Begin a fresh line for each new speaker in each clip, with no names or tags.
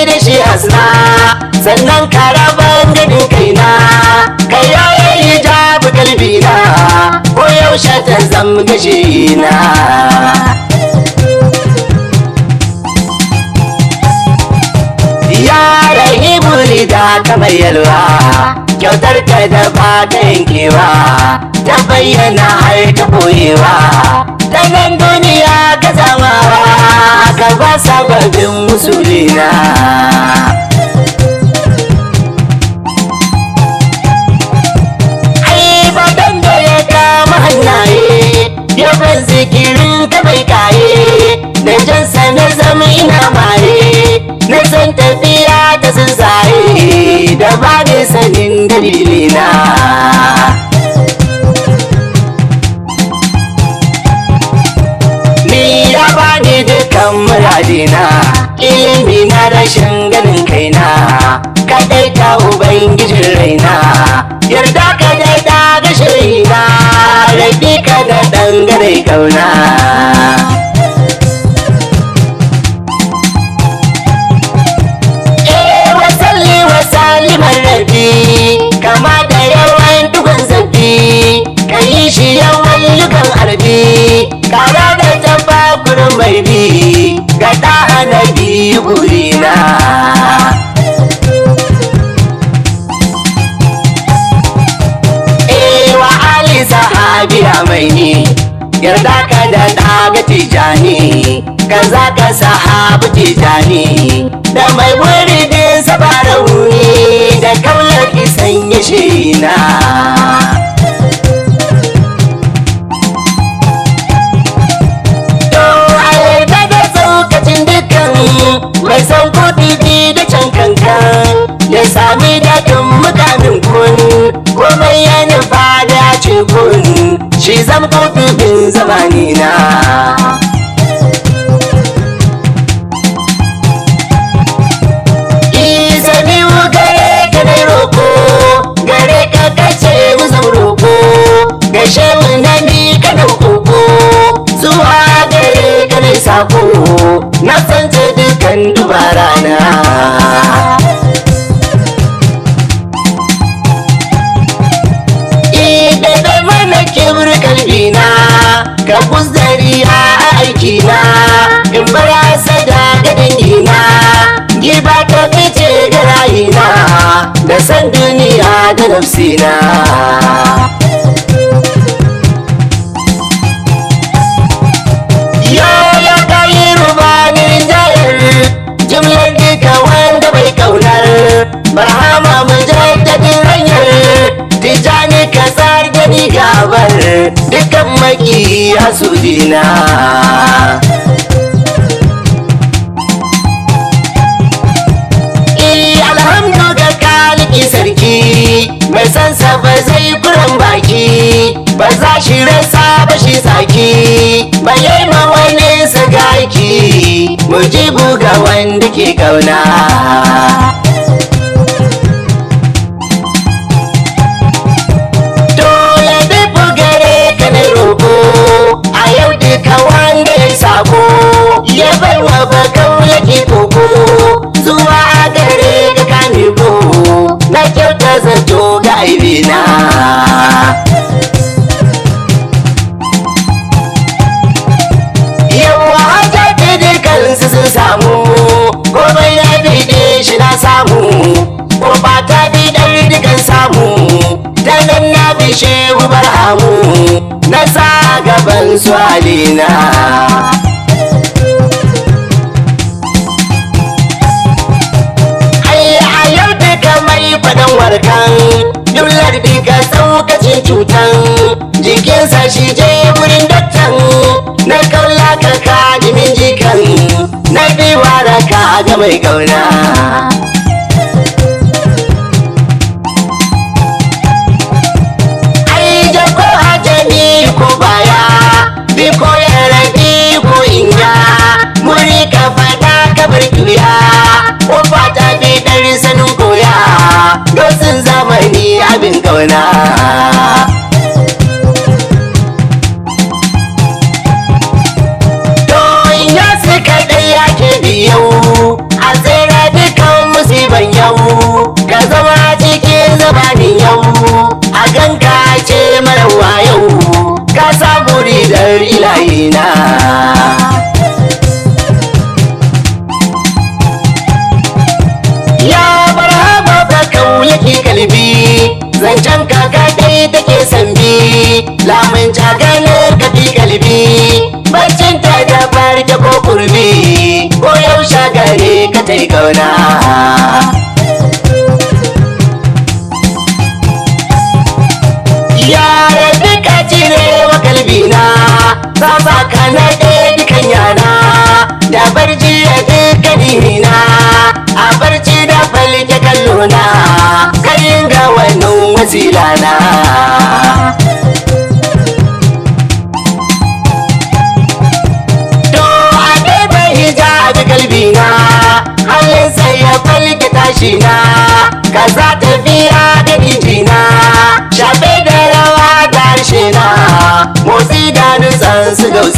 kai da shi asna sannan ka raban ganin kaina ka yaye hijabu kalbina ko yaushe ta zama gashina ya ta yalwa, kyautar ta da ba ta yankewa ta bayyana har ta koyewa, ta nan duniya ka zamawa ka ba sababbin musulina Yawan zikirin ta bai kaye, da jansa na zama ina ba. da ba da sanin dalilina ni ya ba da dukkan muradina ilimi na rashin ganin kaina kaɗai ta ubangijin raina yarda ka daida ga shirina rabi ka da ɗangare kauna zabi kama da yawan dukan zabi ka yi shi yawan lukan arbi kama da tafa gurin mai bi ga ta na burina eh, wa ali sahabiya mai ni yarda ka da daga tijani ka za ka sahabu tijani da mai wuri raina to ayyarda da saukacin dukkan mai son biyu bibi da can kankan ya sami daɗin mukamin kun komai bayanin fada ce kun shi zama ko bibin zamanina saƙo na san ce dukan dubara na kebur kalbina ka kuzari a aikina in bara sada ga dangina giba ta fice ga rayina da san duniya da nafsina barhama mu jaddadin hanyar tijani ka gani gabar dukkan maki hasudina eh, alhamdu ga sarki mai sa ba zai kuran baki ba za shi rasa ba shi saki ba yai ma wani sagaki mujibu buga wanda ke kauna ba ta bi dan dukan samu danan na bi shehu barhamu na sa gaban su alina fadan warkan dullar dinka saukacin cutar, jikinsa shi je wurin dattan na kaula ka kadimin jikan na bi waraka ga mai kauna juya Kwa fata ɗari sanin koya Dosin zamani abin ƙauna. Doin ya sika daya kidi yau mun jagalar kafi galibi baccin ta da fari ta ko kurmi ko yau shagare ka tai gauna na kaza tafiya da injina shafe da rawa da na motsi da nisan su gausi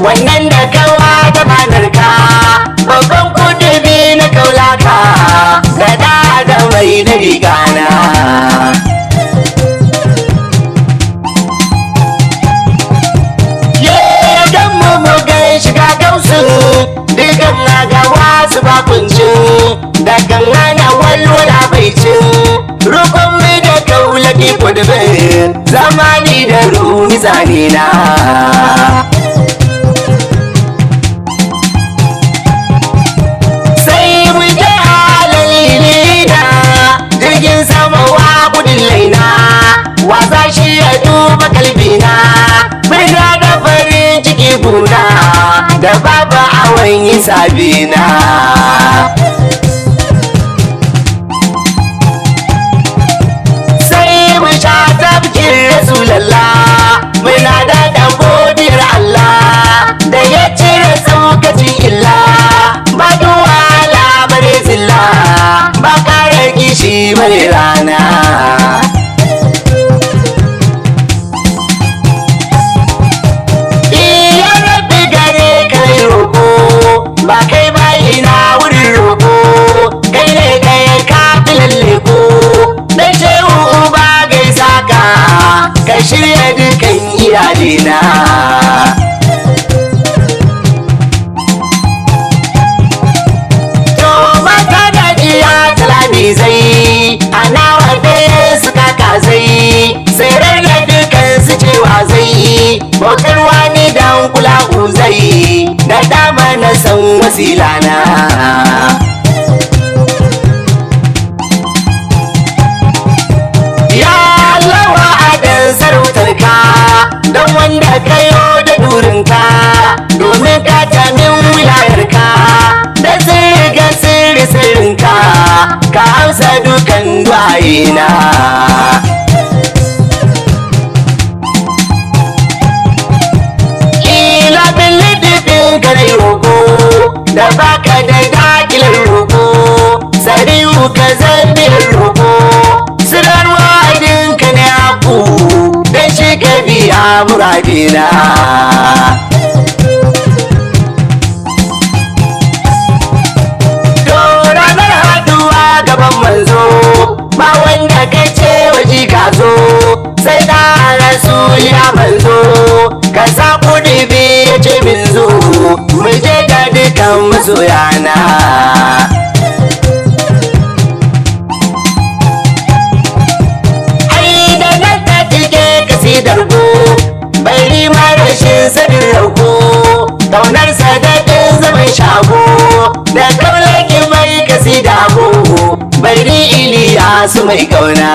wannan da kawa da ka, babban kudubi na kaulaka da da mai na rigana suna da baba a yi sabina raina to mata da iya talami a nawa ɗaya su kaka sai rarra dukan su cewa zai bautar wani dan kula zai na dama na san wasila na. kayo da burinka domin ka min wilayarka da sirga sirri sirrinka ka amsa dukan du'ayina ya manzo ka samu dibi ya ce min zo mu je ga dukan masoyana ai da nan ta cike kasidar ku ni ma rashin sanin rauko kaunar sadakin zama shago da kaunar ki mai kasida bai ni iliya su mai kauna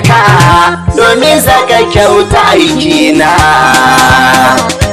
barka domin zaka kyauta aikina.